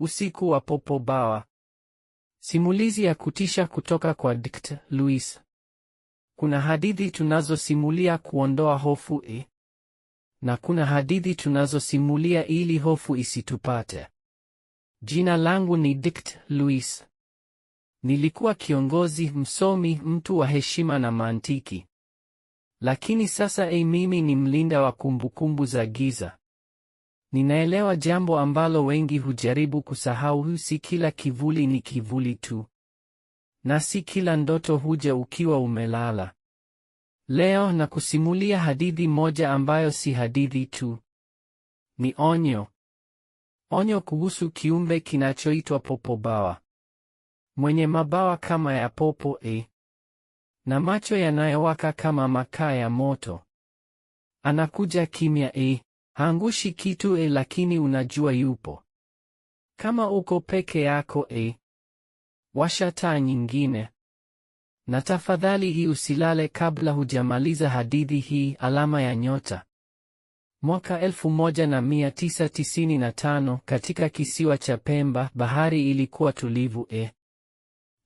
Usiku wa Popo Bawa. Simulizi ya kutisha kutoka kwa Dkt. Louis. Kuna hadithi tunazosimulia kuondoa hofu e, na kuna hadithi tunazosimulia ili hofu isitupate. Jina langu ni Dkt. Louis. Nilikuwa kiongozi, msomi, mtu wa heshima na mantiki, lakini sasa e, mimi ni mlinda wa kumbukumbu za giza. Ninaelewa jambo ambalo wengi hujaribu kusahau, si kila kivuli ni kivuli tu, na si kila ndoto huja ukiwa umelala. Leo na kusimulia hadithi moja ambayo si hadithi tu, ni onyo. Onyo kuhusu kiumbe kinachoitwa popo bawa, mwenye mabawa kama ya popo e, na macho yanayowaka kama makaa ya moto. Anakuja kimya e Haangushi kitu e, lakini unajua yupo. Kama uko peke yako e, washa taa nyingine. Na tafadhali hii usilale kabla hujamaliza hadithi hii. Alama ya nyota. Mwaka 1995 katika kisiwa cha Pemba, bahari ilikuwa tulivu e,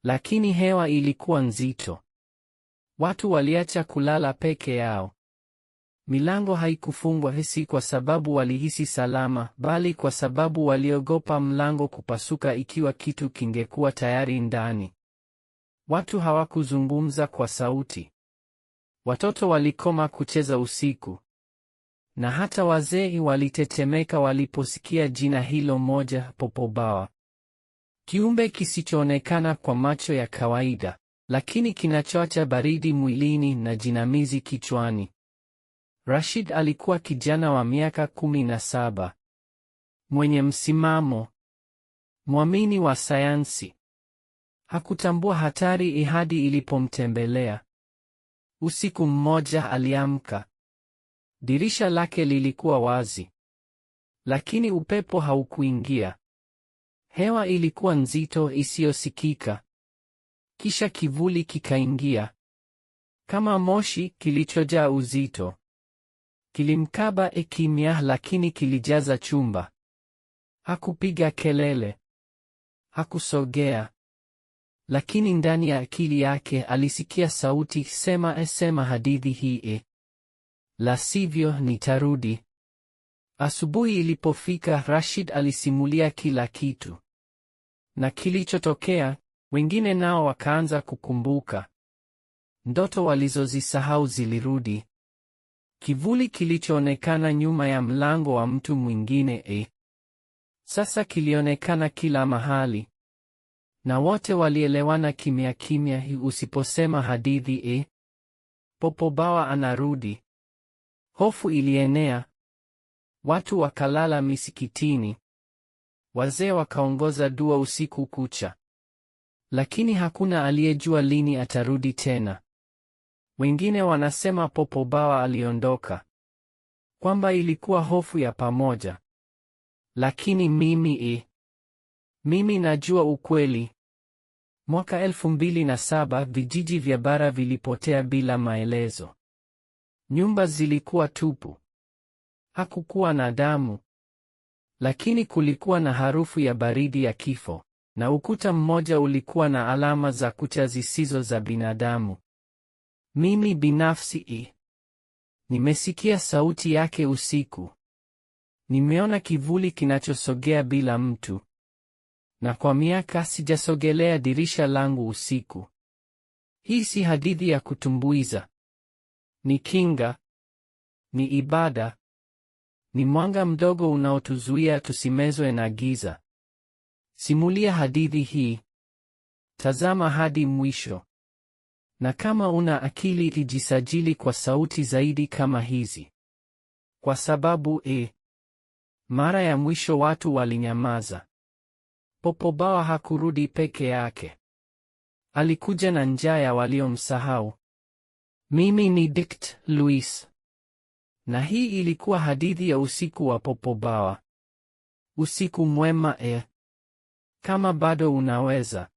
lakini hewa ilikuwa nzito. Watu waliacha kulala peke yao. Milango haikufungwa hisi kwa sababu walihisi salama, bali kwa sababu waliogopa mlango kupasuka ikiwa kitu kingekuwa tayari ndani. Watu hawakuzungumza kwa sauti. Watoto walikoma kucheza usiku. Na hata wazee walitetemeka waliposikia jina hilo moja, Popobawa. Kiumbe kisichoonekana kwa macho ya kawaida, lakini kinachoacha baridi mwilini na jinamizi kichwani. Rashid alikuwa kijana wa miaka kumi na saba mwenye msimamo, mwamini wa sayansi. Hakutambua hatari ihadi ilipomtembelea. Usiku mmoja aliamka. Dirisha lake lilikuwa wazi, lakini upepo haukuingia. Hewa ilikuwa nzito isiyosikika. Kisha kivuli kikaingia kama moshi kilichojaa uzito. Kilimkaba ikimya, e lakini kilijaza chumba. Hakupiga kelele, hakusogea, lakini ndani ya akili yake alisikia sauti sema, esema hadithi hii e, la sivyo nitarudi. Asubuhi ilipofika, Rashid alisimulia kila kitu na kilichotokea. Wengine nao wakaanza kukumbuka ndoto walizozisahau zilirudi. Kivuli kilichoonekana nyuma ya mlango wa mtu mwingine eh. Sasa kilionekana kila mahali. Na wote walielewana kimya kimya hii usiposema hadithi eh. Popo Bawa anarudi. Hofu ilienea. Watu wakalala misikitini. Wazee wakaongoza dua usiku kucha. Lakini hakuna aliyejua lini atarudi tena. Wengine wanasema Popo Bawa aliondoka, kwamba ilikuwa hofu ya pamoja. Lakini mimi i mimi najua ukweli. Mwaka elfu mbili na saba vijiji vya bara vilipotea bila maelezo. Nyumba zilikuwa tupu, hakukuwa na damu, lakini kulikuwa na harufu ya baridi ya kifo, na ukuta mmoja ulikuwa na alama za kucha zisizo za binadamu. Mimi binafsi i nimesikia sauti yake usiku, nimeona kivuli kinachosogea bila mtu, na kwa miaka sijasogelea dirisha langu usiku. Hii si hadithi ya kutumbuiza, ni kinga, ni ibada, ni mwanga mdogo unaotuzuia tusimezwe na giza. Simulia hadithi hii, tazama hadi mwisho. Na kama una akili ijisajili kwa sauti zaidi kama hizi. Kwa sababu e, mara ya mwisho watu walinyamaza. Popobawa hakurudi peke yake. Alikuja na njaa ya waliomsahau. Mimi ni Dikt luis Na hii ilikuwa hadithi ya usiku wa Popobawa. Usiku mwema e. Kama bado unaweza